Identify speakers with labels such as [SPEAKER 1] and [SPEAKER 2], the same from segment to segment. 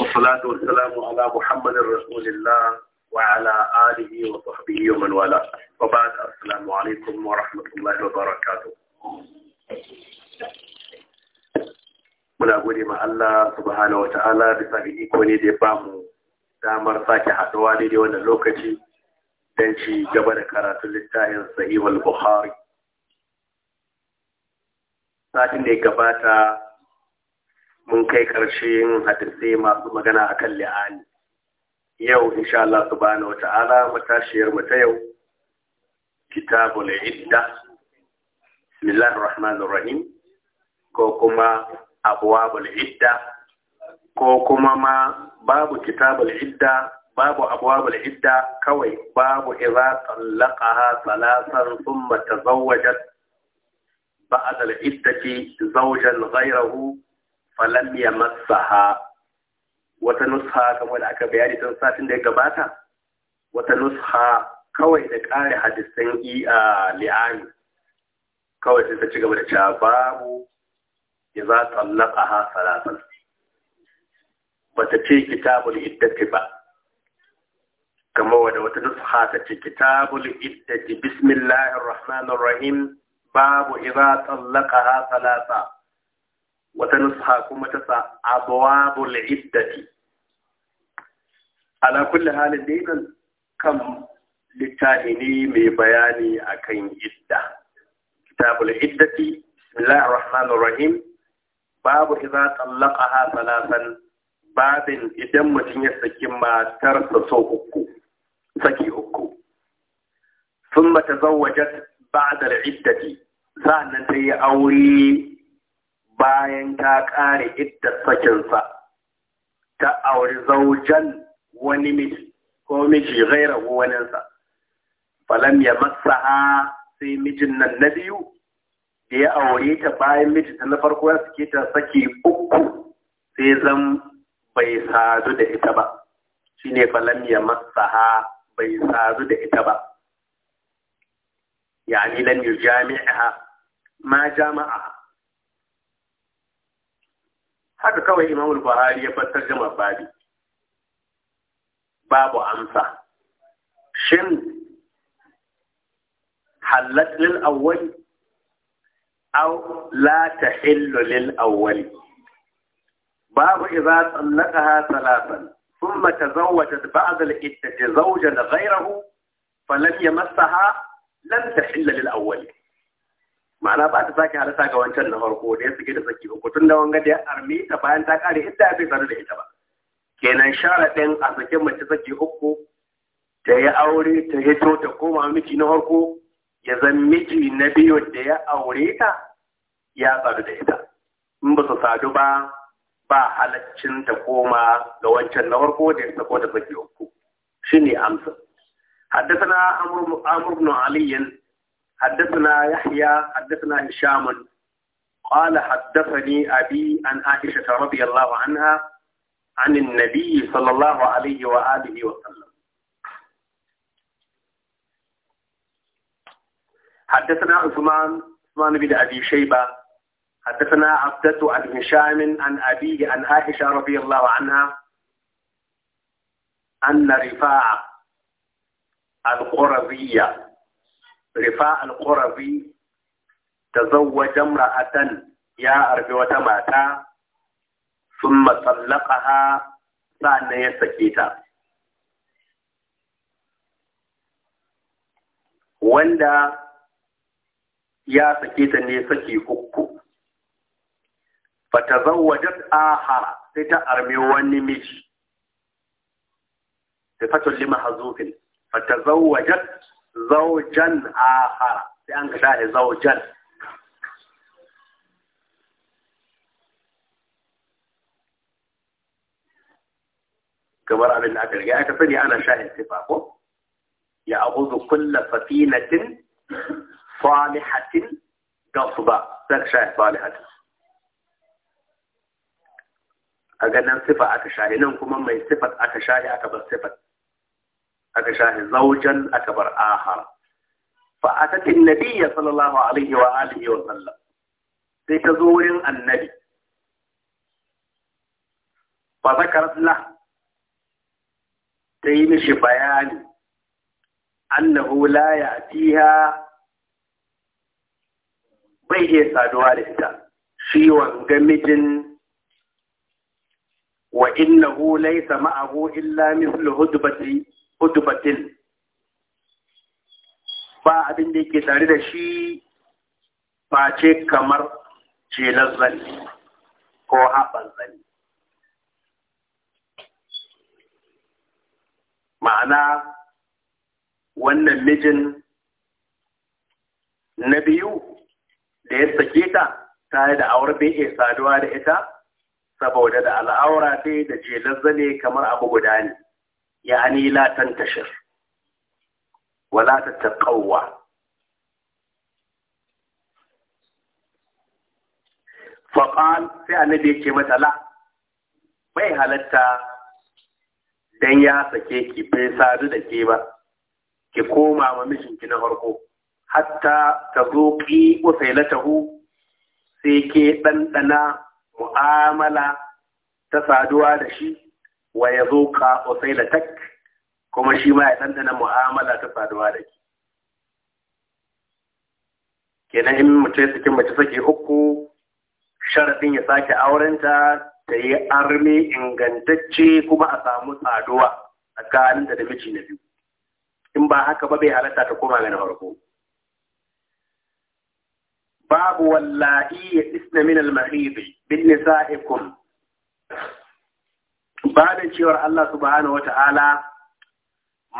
[SPEAKER 1] والصلاة والسلام على محمد رسول الله وعلى آله وصحبه ومن والاه وبعد السلام عليكم ورحمة الله وبركاته muna gode ma Allah subhanahu wata'ala bisa ga iko ne da ya bamu damar sake haɗuwa daidai wannan lokaci don ci gaba da karatun littafin sahihul bukhari satin da ya gabata mun kai ƙarshen hadisai masu magana a kan li'ani yau insha Allah subhanahu wata'ala matashiyar mu ta yau kitabul idda bismillahir rahmanir rahim ko kuma abwabul idda ko kuma ma babu kitabul idda babu abwabul idda kawai babu idza talaqaha salasan thumma tazawwajat ba'da al-iddati zawjan ghayrahu falam ya masaha wata nusha kamar da aka bayani tun satin da ya gabata wata nusha kawai da ƙare hadisan iya li'ani kawai sai ta ci gaba da cewa babu ya za tsallaka ha salasan ba ta ce kitabul iddati ba kamar wadda wata nusha ta ce kitabul iddati bismillahir rahmanir rahim babu idza tsallaka ha salasa wata nusha kuma ta sa abwabul iddati ala kulli halin da kan littafi ne mai bayani akan idda kitabul iddati bismillahir rahim babu tsallaka ha salatan babin idan mutum ya saki matarsa sau uku saki uku ثم تزوجت bada 'iddati sa'annan ta yi aure bayan ta ƙare idda sakinsa ta auri zaujan wani miji ko miji gaira waninsa falam ya ha sai mijin nan na biyu da ya aure ta bayan miji ta na farko ya suke ta saki uku sai zan bai sadu da ita ba shine falam ya ha bai sadu da ita ba Ya ni lan yujami'a ma jama'a haka kawai imamul buhari ya fassar da babi babu amsa shin halat lil awwal aw la tahill lil awwal babu idza sallaqaha salatan ثم تزوجت بعد العدة زوجا غيره فلم يمسها لم تحل للأول ma'ana ba ta sake halasta ga wancan na farko da ya suke da saki uku tun da wanga da ya arme ta bayan ta kare idda ya bai sanu da ita ba kenan sharaɗin a sake mace saki uku ta yi aure ta hito ta koma miki na farko ya zan miki na biyu da ya aure ta ya sadu da ita in ba su sadu ba ba halaccin ta koma ga wancan na farko da ya sako da saki uku shine amsa Haddasa na عمرو بن حدثنا يحيى حدثنا هشام قال حدثني أبي عن عائشة رضي الله عنها عن النبي صلى الله عليه وآله وسلم حدثنا عثمان عثمان بن أبي شيبة حدثنا عبدة عن هشام عن أبي عن عائشة رضي الله عنها أن رفاعة القرظية rifa al-qurabi tazawwaja imra'atan ya arbi wata mata sun thumma sallaqaha sa'annan ya sake ta wanda ya sake ta ne saki uku zawajen ahara sai ta arme wani miji Da sifatun lima hazufin zawajen. زوجا آخر بأنكشاء زوجا كبر أبن أبن يعني جاءك فني أنا شاهد اتفاقه يأخذ كل فتينة صالحة قصبة ذاك شاهد صالحة أجل صفة أكشاهي نمكم أما صفة أكشاهي أكبر صفة أكشاه زوجا أكبر آخر فأتت النبي صلى الله عليه وآله وسلم لتزور النبي فذكرت له تيمش بياني أنه لا يأتيها بيه سادوا لسا شيوا قمج وإنه ليس معه إلا مثل هدبة udubatin ba abin da yake tare da shi face kamar jelar ko haɓar zane. ma'ana wannan mijin na biyu da ya sake ta tare da awar bai saduwa da ita saboda da al'aura dai da jelar zane kamar abu guda ne يعني لا تنتشر ولا تتقوى فقال في النبي كي متى لا bai dan ya sake ki bai sadu da ke ba ki koma ma mijinki na farko hatta ta zo ki usailatahu sai ke ɗanɗana mu'amala ta saduwa da shi wa ya zo ka osai da tak kuma shi ma ya ɗanɗana mu'amala ta saduwa da ke kenan in mace cikin mace sake uku sharaɗin ya sake aurenta ta yi armi ingantacce kuma a samu tsaduwa kanin da miji na biyu in ba haka ba bai halatta ta koma gani na farko babu wallahi ya isna min al-mahidi bin nisa'ikum ba da cewar Allah subhanahu wata'ala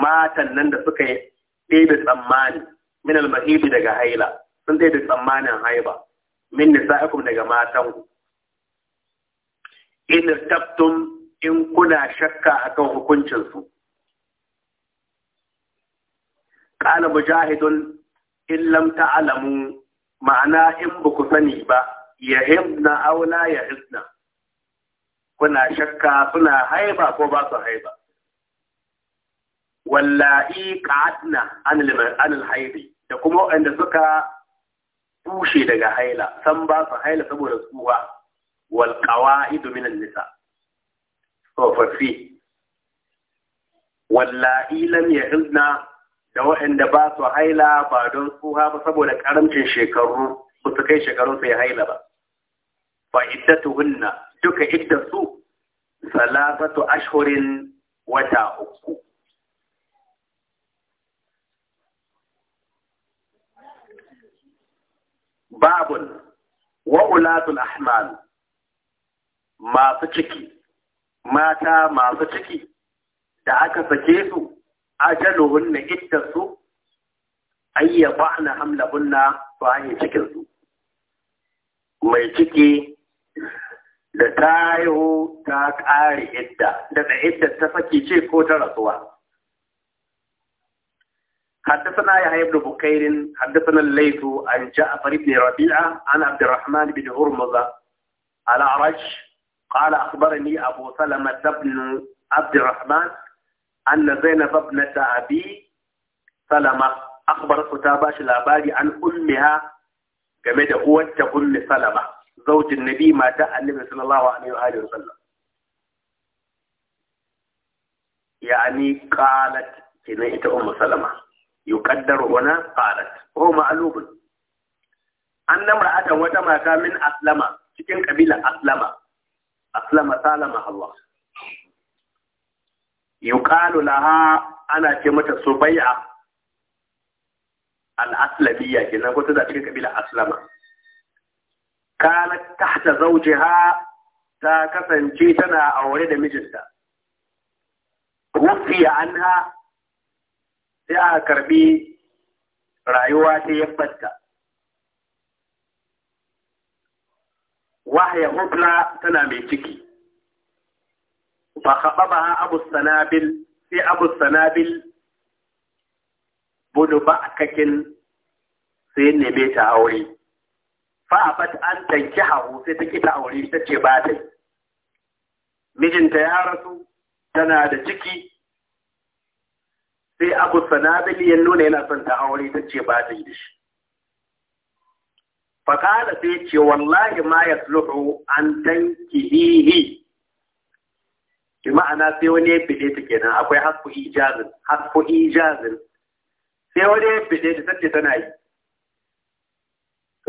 [SPEAKER 1] matan nan da suka yi ɗebe tsammani min al daga haila sun ɗebe tsammanin haiba min nisa'ikum daga matan ku in tabtum in kuna shakka akan hukuncin su qala mujahidun in lam ta'lamu ma'ana in ba ku sani ba yahibna aw ya yahibna kuna shakka suna haiba ko ba su haiba wallahi qa'adna anil haidi da kuma waɗanda suka bushe daga haila san ba su haila saboda tsuwa wal qawa'id nisa tsofaffi wallahi lam yahidna da waɗanda ba su haila ba don tsuha ba saboda karamcin shekaru ba su kai shekaru sai haila ba fa hunna duka iddarsu salasatu ashhurin wata uku babun wa ulatul ahmal masu ciki mata masu ciki da aka sake su na iddarsu ayya ba'na hamlahunna ba cikin su mai ciki حدثنا يحيى بن بكير حدثنا الليث عن جعفر بن ربيعة عن عبد الرحمن بن هرمز على عرش قال أخبرني أبو سلمة بن عبد الرحمن أن زينب ابنة أبي سلمة أخبرت تاباش الأبادي عن أمها كما أمة أم سلمة zaujin nabi mata annabi sallallahu alaihi wa alihi wasallam Ya'ani qalat kina ita ummu salama yuqaddaru huna qalat ko ma'lubun anna mar'atan wata mata min aslama cikin kabila aslama aslama salama Allah yuqalu laha ana ce mata subai'a al-aslamiyya kenan ko ta cikin kabila aslama kanat tahta zawjiha ta kasance tana aure da mijinta wufiya anha sai aka karbi rayuwa ta yabbatta wahya hubla tana mai ciki fa khababaha abu sanabil sai abu sanabil budu ba'kakin sai neme ta aure fa'abat an tanki hawo sai take ta aure ta ce ba ta mijinta ya rasu tana da ciki sai abu sanadali ya nuna yana son ta aure ta ce ba ta yi da shi fakala sai ce wallahi ma ya sulhu an tankihihi bi ma'ana sai wani ya fide ta kenan akwai hasku ijazin hasku ijazin sai wani ya fide ta tace tana yi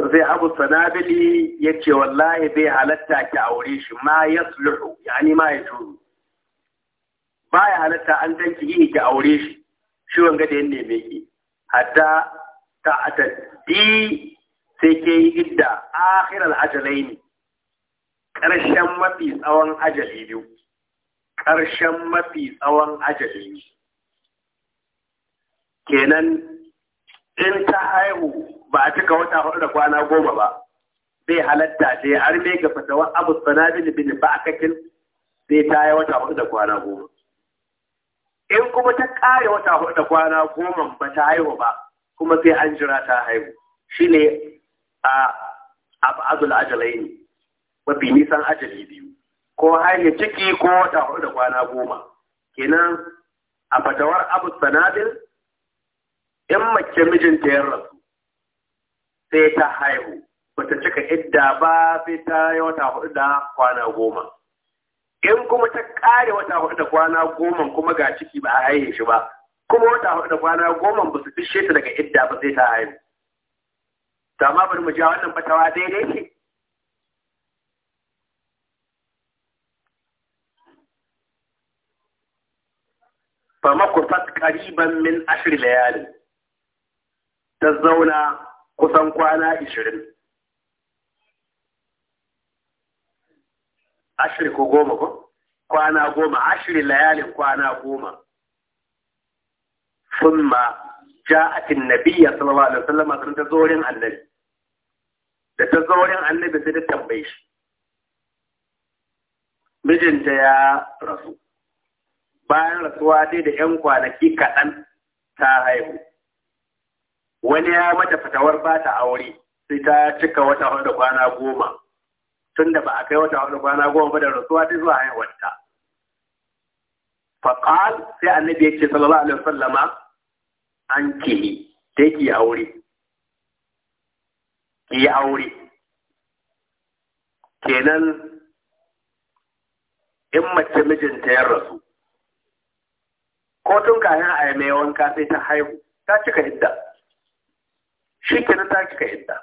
[SPEAKER 1] sai abu sanabili ya ce wallahi bai halatta ki aure shi ma ya sulhu yani ma ya turu ba ya halatta an dan ki yi ki aure shi shi wanga da yanne mai ki hatta ta atadi sai ke yi idda akhiral ajalaini ƙarshen mafi tsawon ajali biyu Karshen mafi tsawon ajali kenan in ta haihu ba a cika wata hudu da kwana goma ba zai halatta ce har mai ga fasawar abu sanadin bin ba'akakin sai ta yi wata hudu da kwana goma in kuma ta kare wata hudu da kwana goma ba ta haihu ba kuma sai an jira ta haihu Shi ne a abazul ne, mafi nisan ajali biyu ko haihu ciki ko wata hudu da kwana goma kenan a fatawar abu sanadin in mace mijinta ya rasu sai ta haihu bata cika idda ba sai ta yi wata hudu da kwana goma in kuma ta kare wata hudu da kwana goma kuma ga ciki ba a haihe shi ba kuma wata hudu da kwana goma ba su fishe ta daga idda ba sai ta haihu ta ma bari mu ja wannan fatawa daidai ce فمكثت قريبا من عشر ليال ta zauna kusan kwana ishirin ashirin ko goma ko kwana goma ashirin layalin kwana goma ثم جاءت النبي صلى الله عليه وسلم sun ta zorin annabi da ta zaurin annabi sai ta tambaye shi mijinta ya rasu bayan rasuwa dai da 'yan kwanaki kaɗan ta haihu wani ya mata fatawar ba ta aure sai ta cika wata hudu kwana goma tunda ba a kai wata hudu kwana goma ba da rasuwa ta zuwa haihuwarta faƙal sai annabi yake sallallahu alaihi wasallama an kihi yi aure ki aure kenan in mace mijinta ya rasu ko tun kafin a yi mai wanka sai ta haihu ta cika idda shi kenan ta ka idda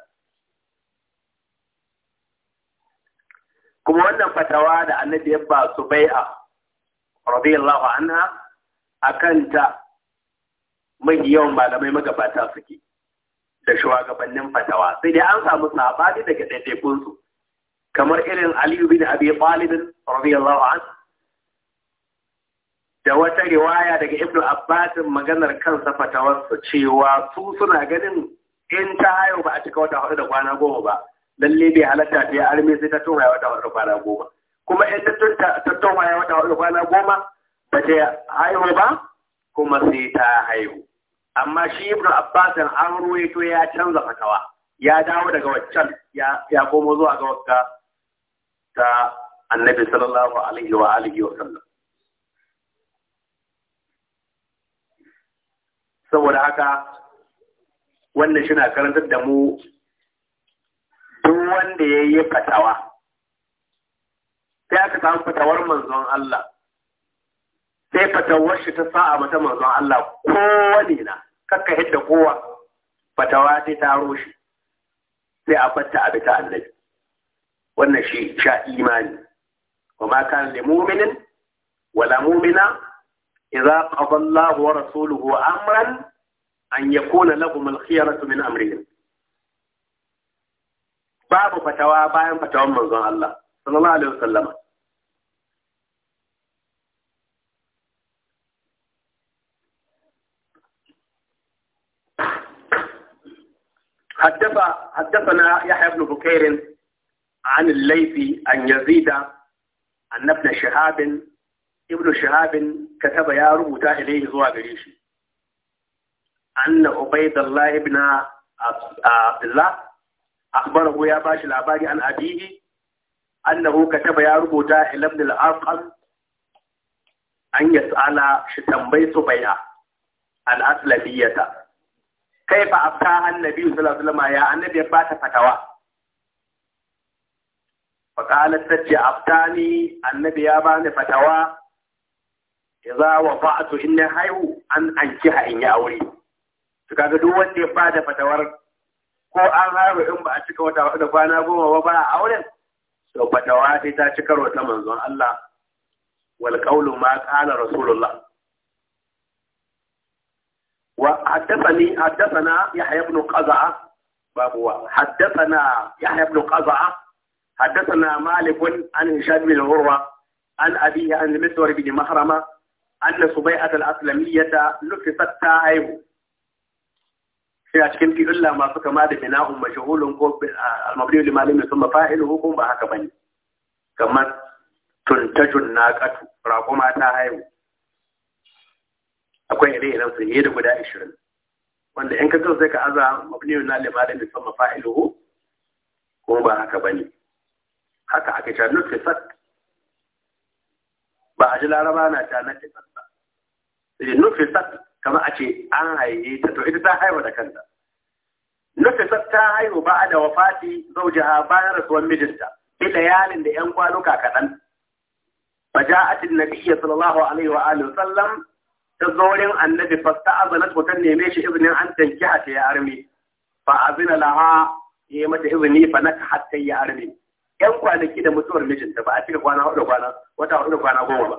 [SPEAKER 1] kuma wannan fatawa da annabi ya ba su bai'a radiyallahu anha akan ta mai yawan malamai magabata suke da shugabannin fatawa sai dai an samu sabani daga ɗaiɗaikun su kamar irin Aliyu bin Abi Talib radiyallahu anhu da wata riwaya daga Ibnu Abbas maganar kansa fatawar su cewa su suna ganin in ta haihu ba a cika wata hudu da kwana goma ba lalle bai halatta ta yi armi sai ta tuhaya wata hudu da kwana goma kuma in ta tuhaya wata hudu da kwana goma ba ta haihu ba kuma sai ta haihu amma shi ibnu abbas an ruwaito ya canza fatawa ya dawo daga waccan ya komo zuwa ga wakka ta annabi sallallahu alaihi wa alihi wa sallam saboda haka wannan shi na karantar da mu duk wanda ya yi fatawa sai aka samu fatawar manzon Allah sai fatawar shi ta sa'a mata manzon Allah kowane na kakka hidda kowa fatawa sai ta shi sai a batta a bita annabi wannan shi sha imani wa ma kana lil mu'minin wala mu'mina idza qada Allahu wa rasuluhu amran أن يكون لهم الخيرة من أمرهم babu fatawa bayan fatawan manzon الله sallallahu alaihi wasallam حدث حدثنا يحيى بن بكير عن الليثي عن يزيد عن ابن شهاب ابن شهاب كتب يا رب إليه زوا بريشي anna ubaidullah ibn abdullah akhbarahu ya bashi labari an abihi annahu kataba ya rubuta ila ibn al-arqam an yas'ala shi tambayi subaya al-aslamiyyata kaifa afta annabi sallallahu alaihi wasallam ya annabi ba ta fatawa faqalat tati aftani annabi ya bani fatawa idza wafa'tu inna hayu an ankiha in ya aure to kaga duk wanda ya bada fatawar ko an harba in ba a cika wata da kwana goma ba ba a auren So fatawa sai ta cika karo ta manzon Allah wal qawlu ma qala rasulullah wa haddathani haddathana yahya ibn qaza'a babu wa haddathana yahya ibn qaza'a haddathana malik an hisham bin urwa an abihi an miswar bin mahrama anna subai'at al-aslamiyya nufisat ta haihu sai cikin fi'illa masu kama da bina'un mashhulun ko al-mabni li malin thumma fa'iluhu kun ba haka bane kamar tuntajun ƙatu, raƙuma ta haihu akwai ire-iren su da guda 20 wanda in ka sai ka aza mabni na li sun thumma fa'iluhu Ko ba haka bane haka aka ce sat. ba a ji laraba na ta nutfisat ba sat kamar a ce an haihe ta to ita ta haihu da kanta Nufisat ta haihu ba da wafati zaujiha bayan rasuwar mijinta, ila yalin da ‘yan kwanuka kaɗan. Faja'atin Nabiyya sallallahu alaihi wa alihi sallam ta zaurin annabi fasta azanat ta neme shi izinin an tanki a ta ya arme. Fa azina laha ya yi mata izini fa naka hatta ya arme. ‘Yan kwanaki da mutuwar mijinta ba a cika kwana hudu kwana wata hudu kwana goma ba.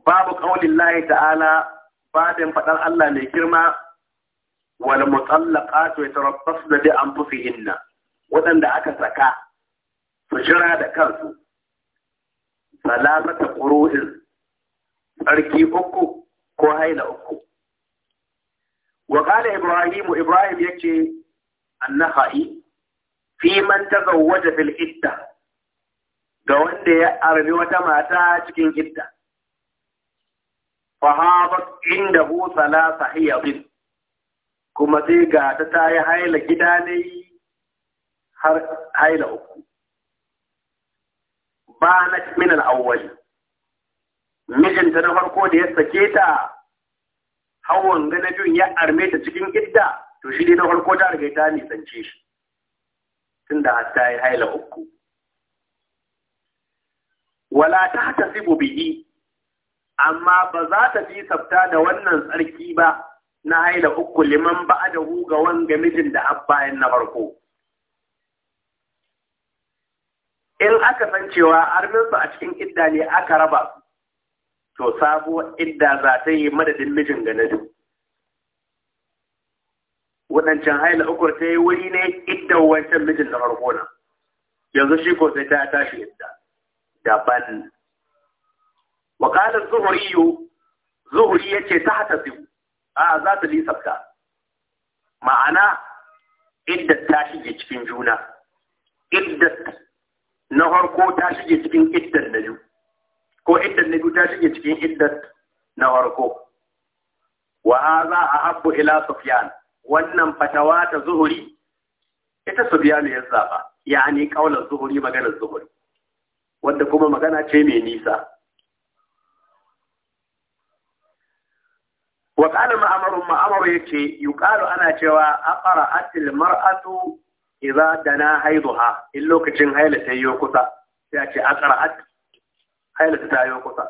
[SPEAKER 1] Babu ƙaunin Allah ta'ala babin faɗar Allah ne girma wal mutallaqatu yatarabbasna bi anfusihinna waɗanda aka saka su jira da kansu salamata qur'in tsarki uku ko haila uku wa qala ibrahim ibrahim yace annahai fi man tazawwaja bil idda ga wanda ya arbi wata mata cikin idda fahabat inda hu salasa hiyabin kuma sai ga ta ta yi haila gida ne har haila uku ba na min al'awwali mijinta na farko da ya sake ta hawan gana biyun ya arme ta cikin idda to shi ne na farko ta riga ta nisance shi tunda har ta yi haila uku wala ta hata bihi amma ba za ta fi sabta da wannan tsarki ba na haila uku liman ba da ga wanga mijin da abbayan na farko. In aka san cewa arminsu a cikin idda ne aka raba, to sabo idda za ta yi madadin mijin ga nadu. Waɗancan haila uku ta yi wuri ne idda wancan mijin na farko na. Yanzu shi ko sai ta tashi idda. Daban. wa qala zuhri zuhri yace ta hatasibu za ta lisafta ma'ana idda ta shige cikin juna idda na harko ta shige cikin iddar na biyu ko iddar na biyu ta shige cikin iddar na harko wa hadha ahabbu ila sufyan wannan fatawa ta zuhuri ita sufyan ya zaba yani kaulan zuhuri maganar zuhuri wanda kuma magana ce mai nisa wa qala ma'amaru ma'amaru yake, yuqalu ana cewa atil mar'atu idza dana haiduha in lokacin haila ta yi kusa sai a ce at haila ta yi kusa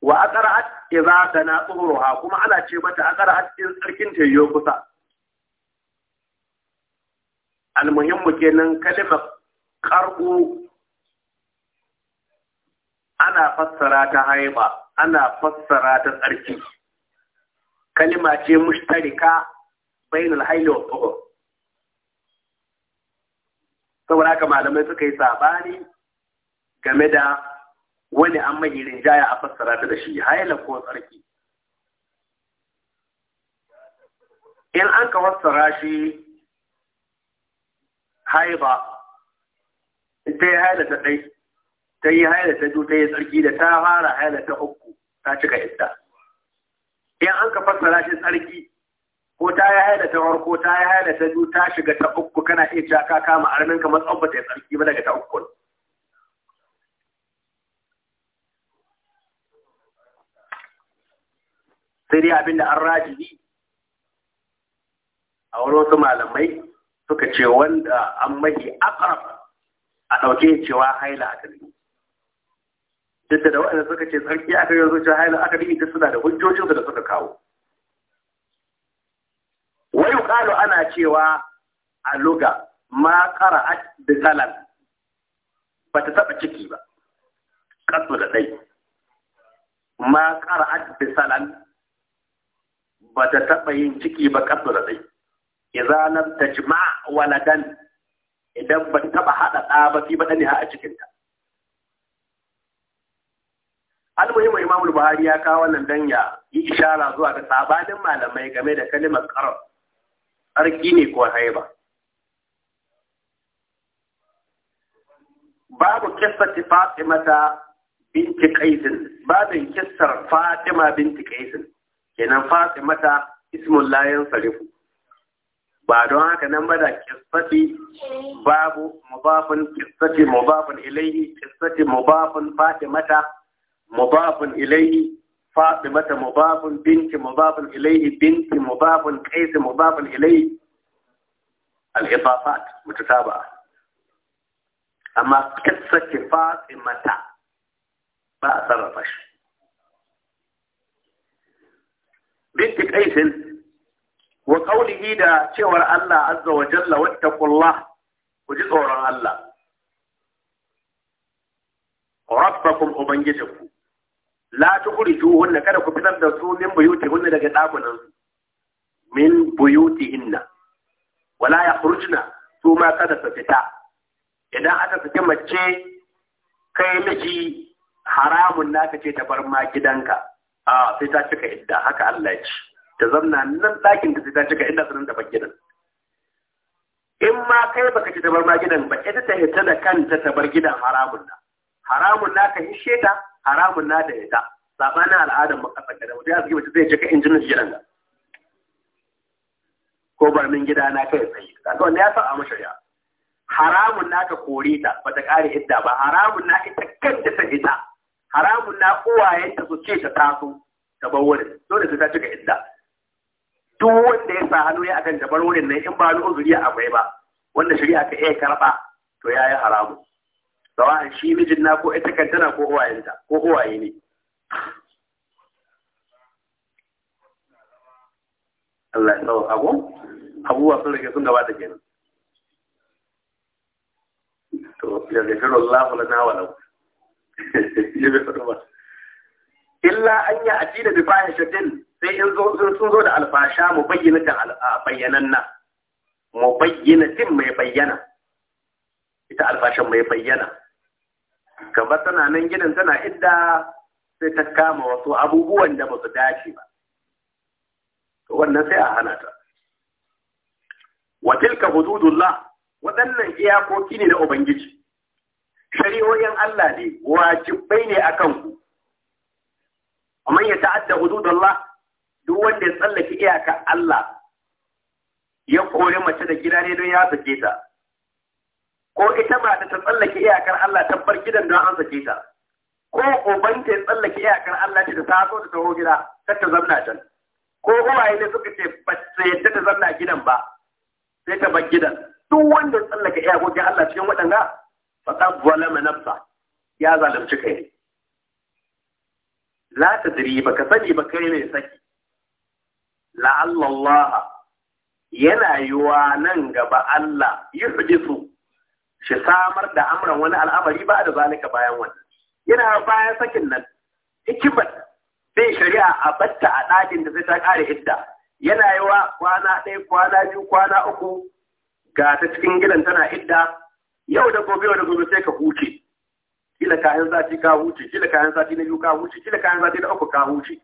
[SPEAKER 1] wa at idza dana tuhruha kuma ana ce mata at in tsarkin ta yi kusa almuhimmu kenan kalimar qarqu ana fassara ta haiba ana fassara ta tsarki kalima ce mushtarika bainal haili wa tuhur saboda haka malamai suka yi sabani game da wani an mahirin jaya a fassara da shi haila ko tsarki in an ka fassara shi haiba ta yi haila ta ɗai ta yi haila ta ta yi tsarki da ta fara haila ta uku ta cika idda in an ka fassara shi tsarki ko ta yi haida ta farko ta yi haida ta biyu ta shiga ta uku kana iya cewa ka kama armin kamar tsabba ta tsarki ba daga ta uku sai dai abinda an rajibi a wurin wasu malamai suka ce wanda an mahi akara a ɗauke cewa haila a kalmi duk da waɗanda suka ce tsarki aka yi zuciya haila aka yi duk suna da hujjojin da suka kawo wai yuqalu ana cewa a luga ma a bi ba ta taɓa ciki ba ƙasu da dai ma a bi ba ta taɓa yin ciki ba ƙasu da dai idza lam tajma' waladan idan ba taɓa haɗa ɗa ba fi ɗani ha a cikinta almuhim imam bahari ya kawo wannan dan ya yi ishara zuwa ga sabanin malamai game da kalimar qarab arki ne ko haiba babu Fatima ta binti qaisin babu kissar fatima binti qaisin kenan fatimata ismun layin sarifu ba don haka nan ba da kissati babu mubafin kissati mubafin ilayhi kissati mubafin ta مضاف إليه فاطمة مضاف بنت مضاف إليه بنت مضاف قيس مضاف إليه الإضافات متتابعة أما قصة فاطمة ما أصرفش بنت قيس وقوله دا شور الله عز وجل واتقوا الله وجزء الله ربكم أبنجزكم la tukhrijuhunna kada ku fitar da su min buyutihunna daga dakunan su min buyutihinna wala yakhrujna su ma kada su fita idan aka fita mace kai miji haramun naka ce ta bar ma gidanka a sai ta cika idda haka Allah ya ci ta zanna nan ɗakin da sai ta cika idda sanan da bar gidan in ma kai baka ci ta bar ma gidan ba ita ta hita da kanta ta bar gidan haramun na haramun naka hishe ta haramun na da ita sabanin al'adar makasar gada mutum ya zuke mace zai cika injinin gidan nan ko barmin gida na kai tsaye kaga wanda ya saba a shari'a haramun na ka kore ta bata kare idda ba haramun na ita kanta ta ita haramun na uwayenta su ce ta taso ta bar wurin dole sai ta cika idda duk wanda ya sa hannu ya akan ta bar wurin nan in ba ni uzuri akwai ba wanda shari'a ta iya karba to yayi haramun sawa'an shi mijin na ko ita kantana ko uwayenta ko uwaye ne Allah ya tsawo abu abubuwa sun rage sun gaba da kenan to ya zafiru Allah wala na wala ya bai faɗo ba illa an yi addini bi fahishatin sai in zo sun zo da alfasha mu bayyana ta na mu bayyana tin mai bayyana ita alfashan mai bayyana gaba tana nan gidan tana idda sai ta kama wasu abubuwan da ba su dace ba wannan sai a hana ta wa tilka hududullah waɗannan iyakoki ne da ubangiji shari'o'in Allah ne wajibai ne akan ku amma ya ta'adda hududullah duk wanda ya tsallake iyaka Allah ya kore mace da gida ne don ya sake ta ko ita ba ta tsallake iyakar Allah ta bar gidan don an sake ta ko uban ta tsallake iyakar Allah ta so ta taho gida ta ta zanna can ko uwaye ne suka ce ba ta yadda ta zanna gidan ba sai ta bar gidan duk wanda tsallake iyakokin Allah cikin waɗanda fa qad zalama nafsa ya zalunci kai ta diri ba ka sani ba kai ne saki la'alla Allah yana yiwa nan gaba Allah yi su shi samar da amuran wani al'amari ba da zalika bayan wannan yana bayan sakin nan hikimar bin shari'a a batta a ɗakin da zai ta ƙare idda yana yi wa kwana ɗaya kwana biyu kwana uku ga ta cikin gidan tana idda yau da gobe yau da gobe sai ka huce kila kayan sati ka huce kila kayan sati na biyu ka huce kila kayan sati na uku ka huce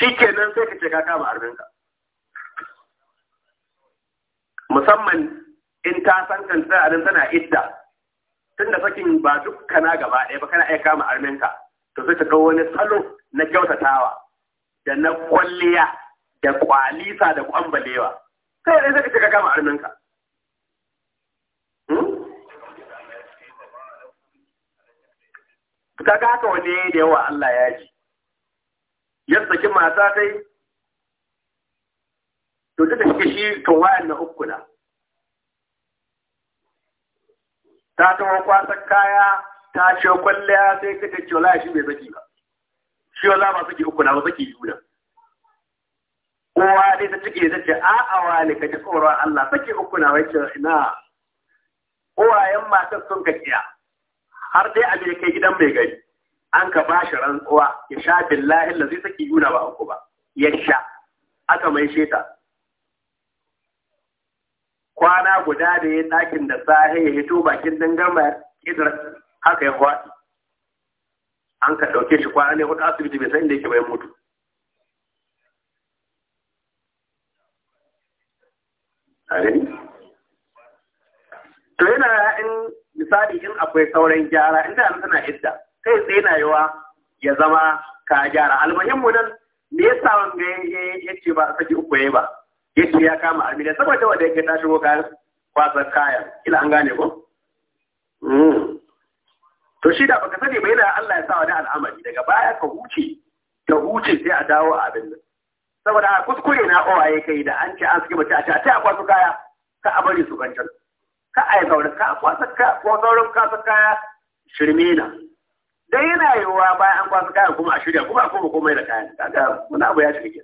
[SPEAKER 1] shi kenan sai ka ce ka kama arzinka musamman in ta san kanta a nan tana idda tun da sakin ba dukkana gaba ɗaya ba kana iya kama arminka to sai ta kawo wani salo na kyautatawa da na kwalliya da kwalisa da kwambalewa kai dai sai ka kama arminka hmm? ka ga haka wani da yawa Allah ya ji ya saki mata kai to ta shi to wayan na uku na ta taho kwasar kaya ta ce kwalliya sai ka ta ce shi bai saki ba shi wallahi ba saki uku na ba saki biyu da kowa dai ta cike ta ce a a wale ka ji tsoron Allah saki uku na wace ina kowayen matar sun ka kiya har dai a kai gidan mai gari an ka ba shi rantsuwa ya sha billahi lazi saki biyu ba uku ba ya sha aka mai sheta kwana guda da ya ɗakin da sahe ya hito bakin dangama idar haka ya kwaɗi an ka ɗauke shi kwana ne hudu asibiti bai san inda yake bayan mutu to yana in misali in akwai sauran gyara inda yanzu tana idda kai tsaye na yawa ya zama ka gyara almuhimmu nan me yasa wanda ya ce ba saki uku yayi ba yace ya kama armida saboda wanda yake ta shigo kayan kwasar kaya. ila an gane ko hmm. to shi da baka sani ba yana Allah ya sa wani al'amari daga baya ka huce ka huce sai a dawo a abin nan saboda a kuskure na owaye kai da an ce an suke mace a ce a ce a kaya ka a bari su kancan ka a yi saurin ka kwasa ka ko saurin kwasa kaya shirme na yana yiwuwa bayan an kwasa kaya kuma a shirya kuma a koma komai da kayan kaga wani abu ya shirya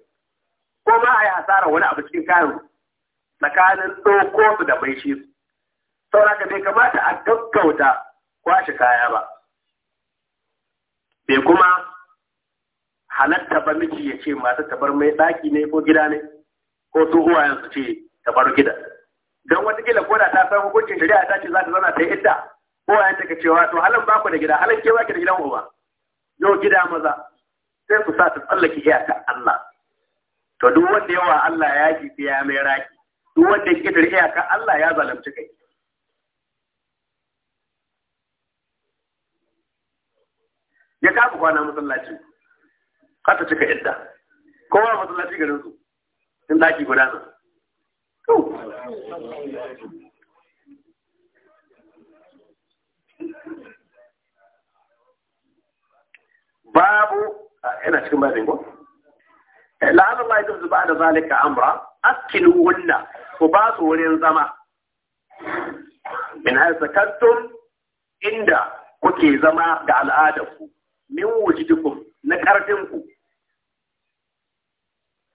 [SPEAKER 1] ko ba a yi asara wani abu cikin kayan tsakanin ɗauko su da bai shi su sauraka bai kamata a gaggauta kwashe kaya ba bai kuma halatta ba miji ya ce masu tabar mai ɗaki ne ko gida ne ko su uwayen su ce tabar gida don watakila ko da ta san hukuncin shari'a ta ce za ta zana ta yi idda yanta ka cewa to halin baku da gida halin ke baki da gidan uba yau gida maza sai ku sa ta tsallake iyaka Allah to duk wanda yawa Allah ya ji ya mai raki duk wanda ke da iyaka Allah ya zalunci kai ya kafa kwana k'a ta cika idda kowa masallaci garin su in daki guda ne babu yana cikin bazin ko la'alla Allah ya zuba da zalika amra askiluhunna ku ba su wurin zama min sakantum inda kuke zama da al'adarku min wujidukum na ƙarfinku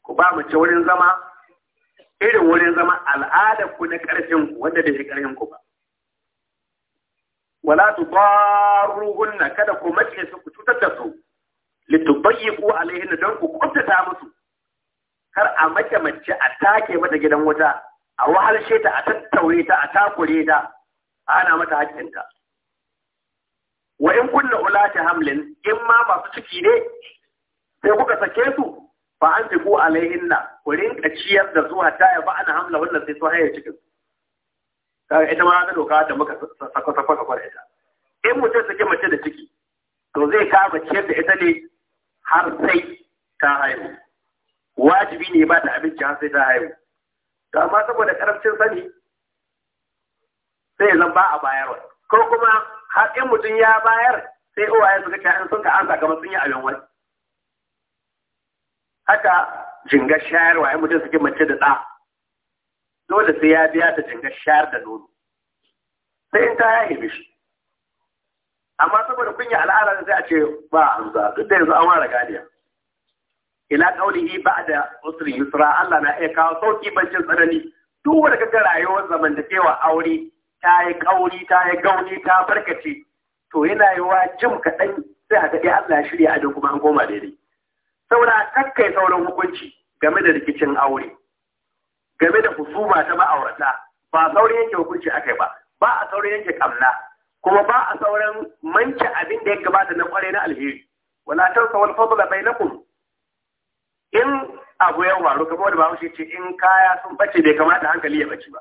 [SPEAKER 1] ku ba mu ci wurin zama irin wurin zama al'adarku na ƙarfinku wanda da shi ku ba wala tudaruhunna kada ku mace su ku cutar da su litubayyiqu alaihin don ku kuntata musu kar a mace mace a take mata gidan wuta a wahalshe ta a tattaure ta a takure ta ana mata hakinta. wa in kunna ulati hamlin in ma masu ciki ne sai kuka sake su fa an tiku na, ku rinka ciyar da zuwa ta ya ba ana hamla wannan sai su haye cikin kaga ita ma ta doka da muka sako sako sako ita in mutum sake mace da ciki to zai kama ciyar da ita ne har sai ta haihu wajibi ne ba da abinci har sai ta haihu to amma saboda karamcin sani sai zan ba a bayarwa ko kuma har in mutum ya bayar sai uwaye suka ce an sun ka an sakamakon sun yi abin wani haka jingar shayarwa ya mutum suke mace da ɗa dole sai ya biya ta jingar shayar da nono sai in ta haihu mishi amma saboda kunya al'ada sai a ce ba a hamza duk da yanzu an ware ganiya ila kaulihi ba'da usri yusra Allah na iya kawo sauki bancin tsanani duk wanda kaga rayuwar zamantakewa aure ta yi kauri ta yi gauni ta barkace to yana wa jim kaɗan sai haka dai Allah ya shirya adon kuma an koma daidai saboda kakkai sauran hukunci game da rikicin aure game da husuma ta ma'aurata ba sauran yanke hukunci akai ba ba a sauran yanke kamna kuma ba a sauran mance abin da ya gabata na kware na alheri wala ta sawal fadla bainakum in abu ya waru kamar da bahaushe ce in kaya sun bace bai kamata hankali ya bace ba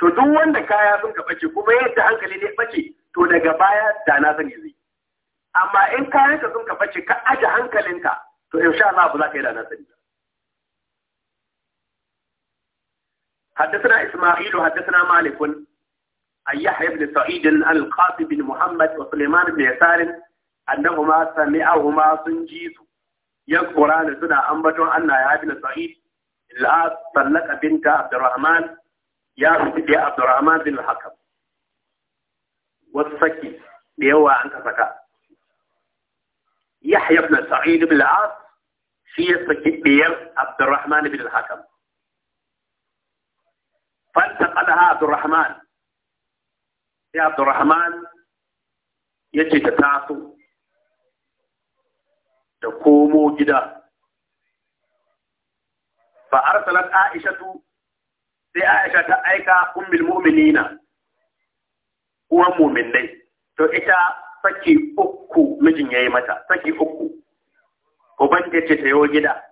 [SPEAKER 1] to duk wanda kaya sun ka bace kuma yadda hankali ne bace to daga baya da na sani zai amma in kayan ka sun ka bace ka aje hankalinka to insha Allah ba za ka yi da na sani ba حدثنا إسماعيل حدثنا مالك عن يحيى بن سعيد القاسم بن محمد وسليمان بن يسار أنهما سمعهما سنجيس يذكران سنة أنبتوا أن يحيى بن سعيد الآن طلق بنت عبد الرحمن يا سيدي عبد الرحمن بن الحكم والسكي ليوا أنت سكا يحيى بن سعيد بن العاص في السكي بير عبد الرحمن بن الحكم فانتقلها عبد الرحمن sai abdurrahman ya ce ta taso da komo gida Ba a rasalar Aisha tu? sai aisha ta aika ummul mominina, uwan mominai, to ita saki uku mijin ya yi mata saki uku uban ta ce ta gida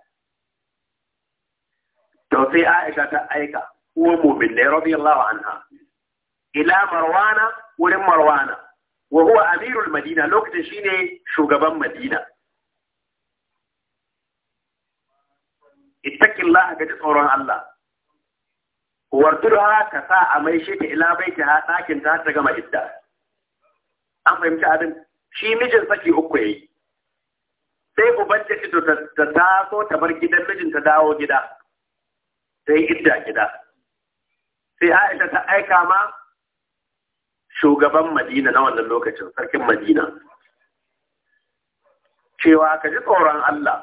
[SPEAKER 1] to sai aisha ta aika uwan mu'minai an ha. إلى مروانا ورم مروانا وهو أمير المدينة لو كتشيني شغبا مدينة اتك الله قد صوران الله وردرها كفاء ميشيك إلى بيتها لكن تهت رقم إدى أما يمتع أدن شي مجل فكي أكوي سيف بنتك تتاسو تبر جدا مجل تداو جدا سيف إدى جدا في عائشة تأيكا ما shugaban Madina na wannan lokacin sarkin Madina cewa ka ji tsoron Allah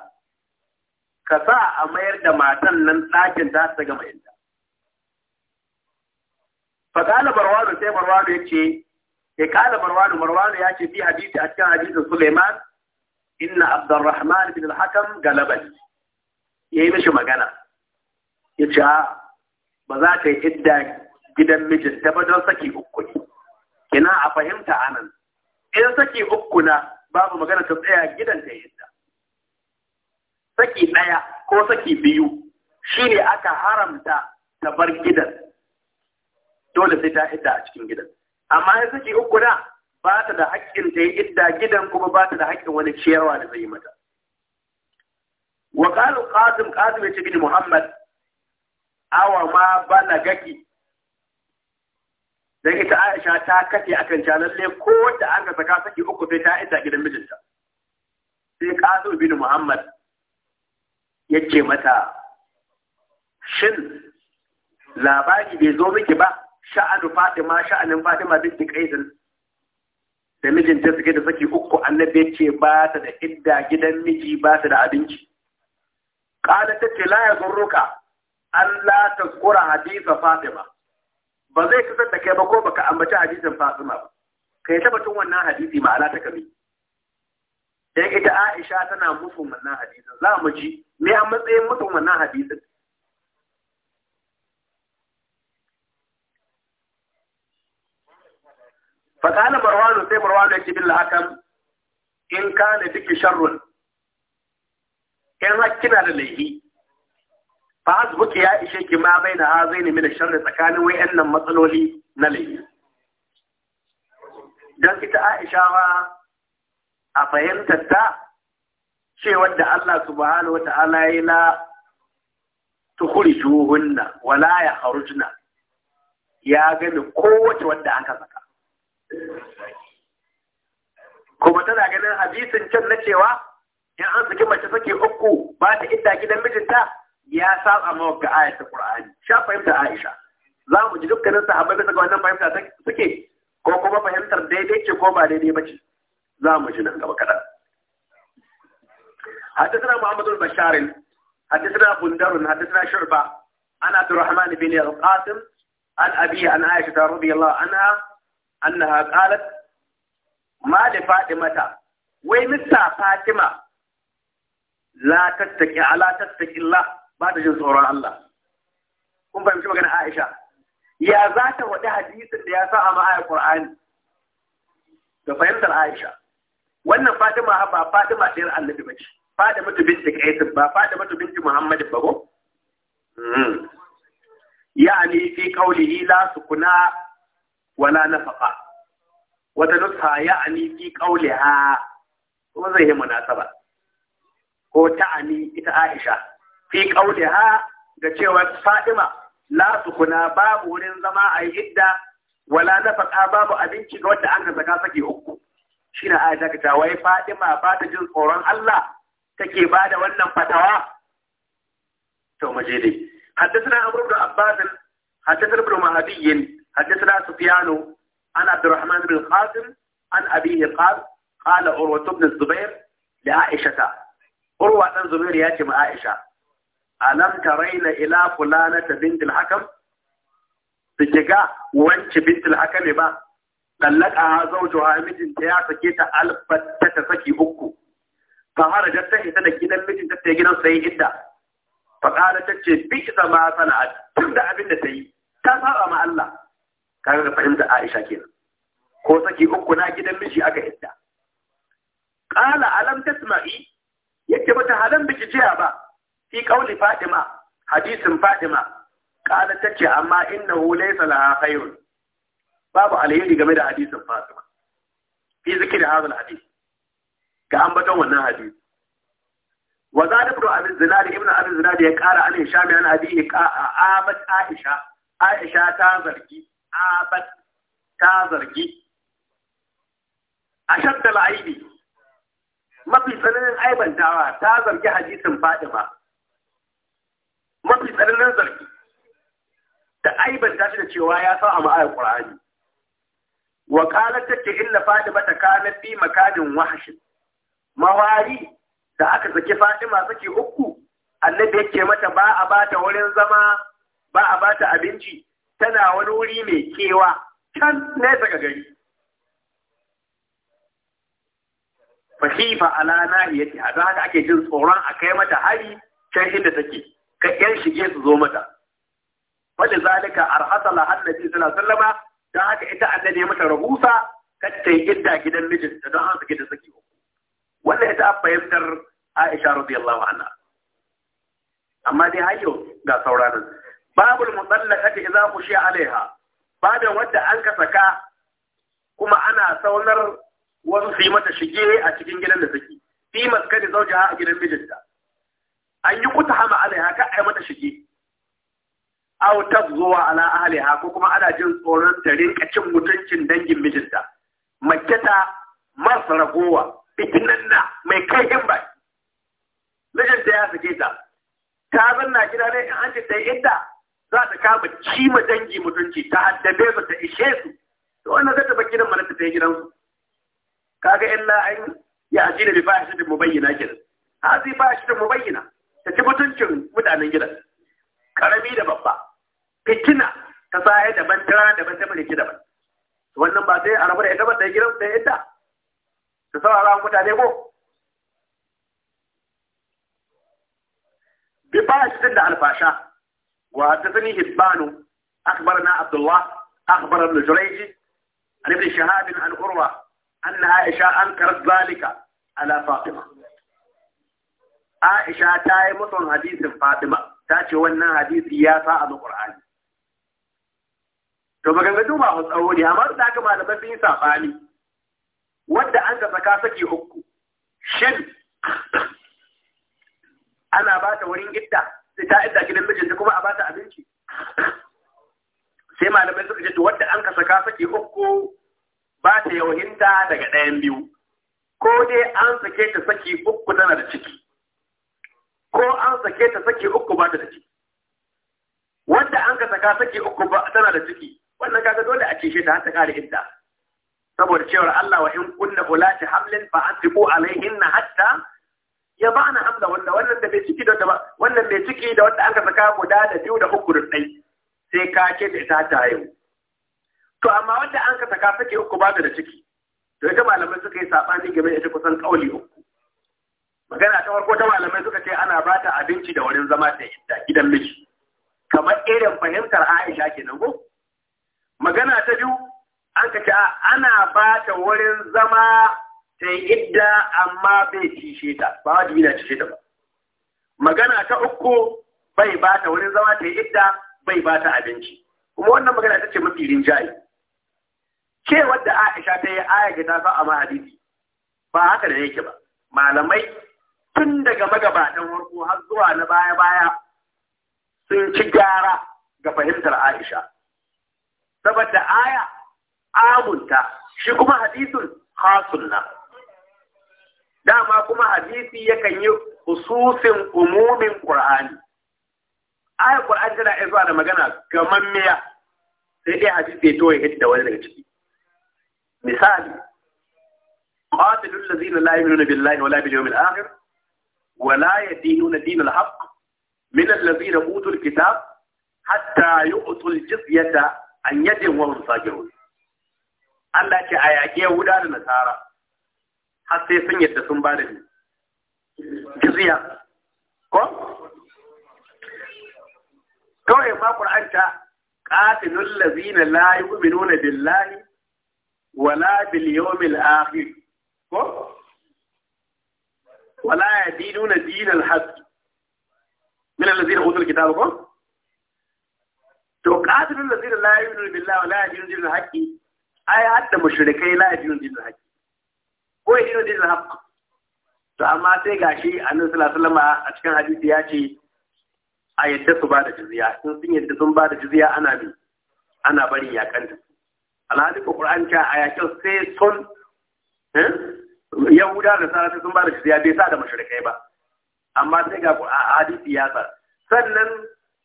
[SPEAKER 1] ka sa a mayar da matan nan ɗakin ta ta gama Fa Fakala Barwanu sai Barwanu ya ce, ya kala Barwanu, Barwanu ya ce fi hadisi a cikin hadisin Suleiman, inna Abdurrahman bin al-Hakam galabani. Ya yi mishi magana, ya ce, ba za ka yi idda gidan mijin ta ba don saki uku ina a fahimta anan in saki uku na babu magana ta tsaya gidan ta yadda saki ɗaya ko saki biyu shi ne aka haramta ta bar gidan dole sai ta idda a cikin gidan amma in saki uku na ba ta da haƙƙin ta yi idda gidan kuma ba ta da haƙƙin wani ciyarwa da zai yi mata wa qalu qasim ya ce gini muhammad awa ma bana gaki dan ita Aisha ta kace akan ta lalle ko wanda an saka saki uku sai ta isa gidan mijinta sai Qasim bin Muhammad yace mata shin labari bai zo miki ba sha'anu Fatima sha'anin Fatima binti Qaisin da mijinta suke da saki uku annabi ce ba ta da idda gidan miji ba ta da abinci qala tace la yazurruka an la kura hadisa Fatima ba zai cutar da kai ba ko baka ambaci hadisin Fatima ba kai tabbatin wannan hadisi ma'ana ta kabi dan ita Aisha tana musu wannan hadisin za mu ji me a matsayin musu wannan hadisin فقال مروان سي مروان يجي بالحكم in kana duk sharrun in hakkina da laifi fa ya ishe ki ma baina hazaini min sharri tsakanin wayannan matsaloli na laifin. dan ita Aisha a fahimtar ta cewar da Allah subhanahu wa ta'ala tukhrijuhunna wa la yakhrujna ya gani kowace wanda aka saka kuma tana ganin hadisin can na cewa in an saki mace sake uku ba ta idda gidan mijinta ya saba mawa ga ayata Qur'ani sha fahimta Aisha za mu ji dukkanin sahabbai da suka wannan fahimta suke ko kuma fahimtar daidai ce ko ba daidai ba ce za mu ji nan gaba kaɗan. Haddisa Muhammadu Basharin, haddisa na Bundarun, haddisa na Shurba, ana ta Rahman bin Al-Qasim, Al-Abi an Aisha ta rubi Allah ana anna ha qalat ma da Fatimata wai mista Fatima la tattaki ala tattaki Allah ba ta jin tsoron Allah kun fahimci magana Aisha ya za ta wadi hadisin da ya sa a ma'ayar Qur'ani da fahimtar Aisha wannan Fatima ba Fatima ɗayar Annabi ba ce Fatima binti Qais ba Fatima binti Muhammad ba ko hmm. na في Wata لا سكنا ولا نفقة وتنصها يعني zai yi وما زي مناسبة هو ita Aisha. fi qauliha da cewa Fatima la tukuna babu wurin zama a yi idda wala nafaka babu abinci ga wanda aka zaka sake uku shine ayat ta ta wai Fatima ba ta jin tsoron Allah take ba da wannan fatawa to maje dai حدثنا عمرو بن عباس حدثنا ابن مهدي حدثنا سفيان عن عبد الرحمن بن القاسم عن أبيه قال قال أروة بن الزبير لعائشة أروة بن ya ce ma Aisha. alam taraina ila fulanata bintul hakam suke ga wance bintul hakam ba dallaka ha mijin mijinta ya sake ta albatta ta saki uku fa harajar ta ita da gidan mijinta ta gidan sai idda fa qala ta ce bi ta ma sana'at tun da abin da ta yi ta saba ma Allah kaga da fahimta Aisha kenan ko saki uku na gidan miji aka idda qala alam tasma'i yake bata halan biki jiya ba fi kauli Fadima hadisin Fadima kala amma innahu laysa laha khairun babu alheri game da hadisin Fatima fi zikri hadal hadis ga ambaton wannan hadis wa zalib ibn abi zinad ibn abi zinad ya kara an hisham an abi abat aisha aisha ta zargi abat ta zargi ashaddal aibi mafi tsananin aibantawa ta zargi hadisin Fadima mafi tsananin zargi da ta shi da cewa ya sa a ma'ayar Qur'ani wa qalat take illa fatima ta kana fi makanin wahashi mawari da aka saki fatima suke uku annabi yake mata ba a bata wurin zama ba a ta abinci tana wani wuri mai kewa can ne daga gari fahifa ala nahiyati haka ake jin tsoron a kai mata hari can inda take ka ƴan shige su zo mata wani zalika arhasala annabi sallallahu alaihi wasallam dan haka ita annabi mata rahusa ta katta idda gidan mijinta don an sake ta saki wannan ita fahimtar Aisha radiyallahu anha amma dai har yau ga sauraron babul mutallaqati idza kushi alaiha bada wanda an ka saka kuma ana saunar wasu su yi mata shige a cikin gidan da suke fi maskari zaujaha a gidan mijinta an yi kuta hama alaiha ka a yi mata shige aw zuwa ala ahliha ko kuma ana jin tsoron ta rinka cin mutuncin dangin mijinta mace ta masu ragowa mai kai himba mijinta ya sake ta ta zanna gida ne in an ce ta inda za ta kama cima dangi mutunci ta haddabe su ta ishe su to wannan zata ba gidan mana ta yi su kaga illa an ya ajina bi fahishatin mubayyana kenan hazi fahishatin mubayyana ta ci mutuncin mutanen gidan karami da babba fitina ta sahi daban daban ta mulki daban wannan ba sai a rabu da ita ba da gidan da ita ta saurara mutane ko da سنة الفاشا وحدثني هبان أخبرنا عبد الله أخبر ابن جريج عن ابن شهاب عن أروى أن Aisha, أنكرت ذلك Ala Fatima. Aisha ta yi mutum hadisin Fatima ta ce wannan hadisi ya sa a Qur'ani to maganganu duba su tsawo ne amma da aka malamai sun yi Wadda an ga saka saki uku shin ana ba ta wurin idda sai ta idda gidan mijinta kuma a ba ta abinci sai malamai suka ce to an ka saka saki uku ba ta yawahinta daga ɗayan biyu ko dai an sake ta saki uku tana da ciki ko an sake ta sake uku ba ta da ciki wanda an ka saka sake uku ba tana da ciki wannan kaga dole a ce shi ta har ta kare idda saboda cewar Allah wa in kunna ulati hamlin fa atiqu alaihinna hatta ya bana hamla wanda wannan da bai ciki da wannan bai ciki da wanda an ka saka guda da biyu da uku da sai ka ke da ita ta yau to amma wanda an ka saka sake uku ba da ciki to ita malamai suka yi sabani game da ita kusan kauli uku magana ta farko ta malamai suka ce ana ba ta abinci da wurin zama yadda gidan miji kamar irin fahimtar Aisha kenan ko magana ta biyu an ka ce ana ba ta wurin zama ta yadda amma bai cishe ta ba wajibi na cishe ta ba magana ta uku bai ba ta wurin zama ta yadda bai ba ta abinci kuma wannan magana ta ce mafi rinjaye Ke wadda Aisha ta yi aya ta fa a hadisi ba haka da yake ba malamai tun daga magabatan warko har zuwa na baya-baya sun ci gyara ga fahimtar Aisha. Saboda aya amunta shi kuma hadisun hasunna. Dama kuma hadisi yakan yi hususin umumin Ƙur'ani. Aya Ƙur'ani tana iya zuwa da magana miya sai dai hadisi ya toye hidda wani daga ciki. Misali, قاتلوا الذين لا يؤمنون بالله ولا باليوم الآخر ولا يدينون دين الحق من الذين أوتوا الكتاب حتى يؤتوا الجزية عن يد وهم صاغرون Allah ce a yaƙi Yahuda da Nasara har sai sun yadda sun ba da ni. Jizya. Ko? Kawai ma Qur'anta qatilul ladzina la yu'minuna billahi wala bil yawmil akhir. Ko? ولا يدينون دين الحق من الذين أوتوا الكتاب كم تقاتل الذين لا يؤمنون بالله ولا يدينون دين الحق أي حتى مشركي لا يدينون دين الحق ko ya dino da haka to amma sai gashi annabi sallallahu alaihi wasallam a cikin hadisi ya ce a yadda su ba da jizya sun sun yadda sun ba da jizya ana bi ana bari yakan alhali ko qur'an ta a sai sun yahuda da sana sun ba da shirya bai sa da mashirkai ba amma sai ga hadisi ya sa sannan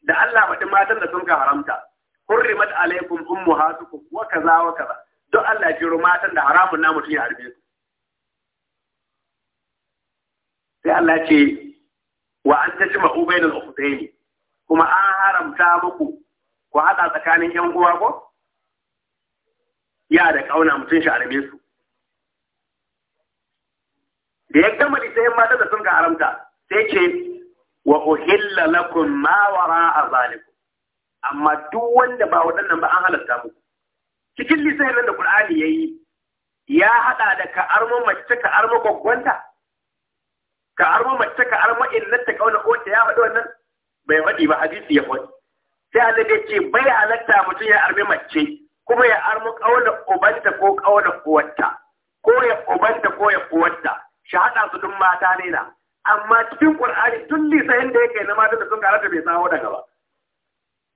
[SPEAKER 1] da Allah faɗi matan da sun ka haramta hurrimat alaikum ummahatukum wa kaza wa kaza don Allah ya jiro matan da haramun na mutum ya harbe su sai Allah ce wa an ta cima ubainul ukhtayn kuma an haramta muku ku haɗa tsakanin yan uwa ko ya da kauna mutum shi harbe su da ya gama litayin mata da sun ka haramta sai ce wa uhilla lakum ma a zalikum amma duk wanda ba waɗannan ba an halatta muku cikin lisanin nan da Qur'ani yayi ya haɗa da ka armo mace ka armo gwaggwanta ka armo mace ka armo illat ta kauna ko ya faɗi wannan bai faɗi ba hadisi ya faɗi sai Allah ya ce bai halatta mutum ya arme mace kuma ya armo kauna ubanta ko kauna uwarta ko ya ubanta ko ya uwarta Shahada su ɗin mata ne na amma cikin ƙur'ani tun lisahin da yake na mata da sun karata bai samu daga ba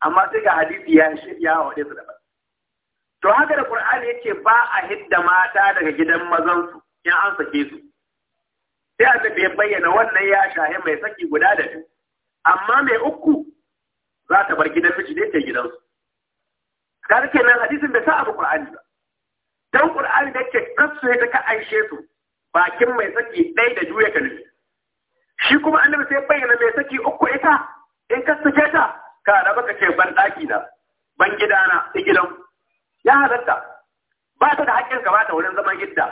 [SPEAKER 1] amma sai ga hadisi ya ya wade su daban to haka da qur'ani yake ba a hidda mata daga gidan su ya an sake su sai annabi ya bayyana wannan ya shahe mai saki guda da biyu amma mai uku za ta bar gidan miji ne ta su. kaga kenan hadisin bai sa abu qur'ani ba dan qur'ani da yake kasu ta ka aishe su bakin mai saki ɗaya da juya ka nufi shi kuma annabi sai bayyana mai saki uku ita in ka suke ta ka raba ka ce ban ɗaki na ban gida na gidan ya halatta ba ta da haƙƙin ka ba ta wurin zaman gidda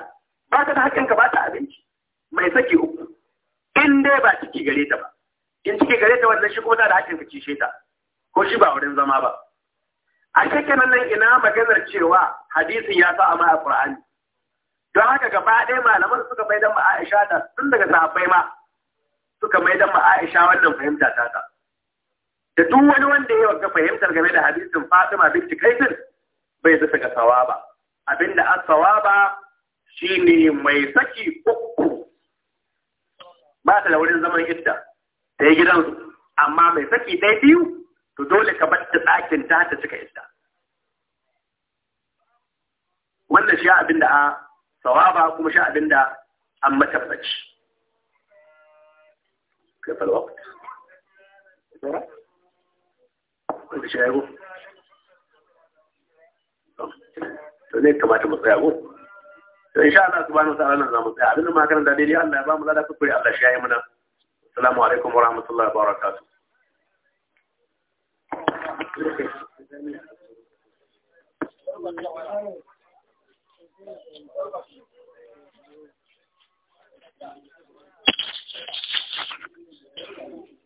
[SPEAKER 1] ba ta da haƙƙin ka ba ta abinci mai saki uku in dai ba ciki gare ta ba in ciki gare ta wannan shi kuma ta da haƙƙin ka cishe ta ko shi ba wurin zama ba a shekenan nan ina maganar cewa hadisin ya sa a ma a Qur'ani don haka gaba ɗaya malaman suka mai ma Aisha da tun daga sahabbai ma suka mai ma Aisha wannan fahimta ta ta da duk wani wanda ya ga fahimtar game da hadisin Fatima binti Kaisin bai zata ga sawaba abinda as sawaba shine mai saki uku ba ta da wurin zaman idda ta yi gidansu amma mai saki ɗaya biyu to dole ka bar ta ɗakin ta ta cika idda wannan shi abin da a sawaba kuma شاء abin da an matabbaci كيف الوقت؟ كنت شايفه؟ ليه كما تمسكه؟ إن شاء الله سبحانه وتعالى نظام الساعة لأنه ما كان دليل الله يبام لا تكبر الله شيء منا السلام عليكم ورحمة الله وبركاته Thank you. Thank you.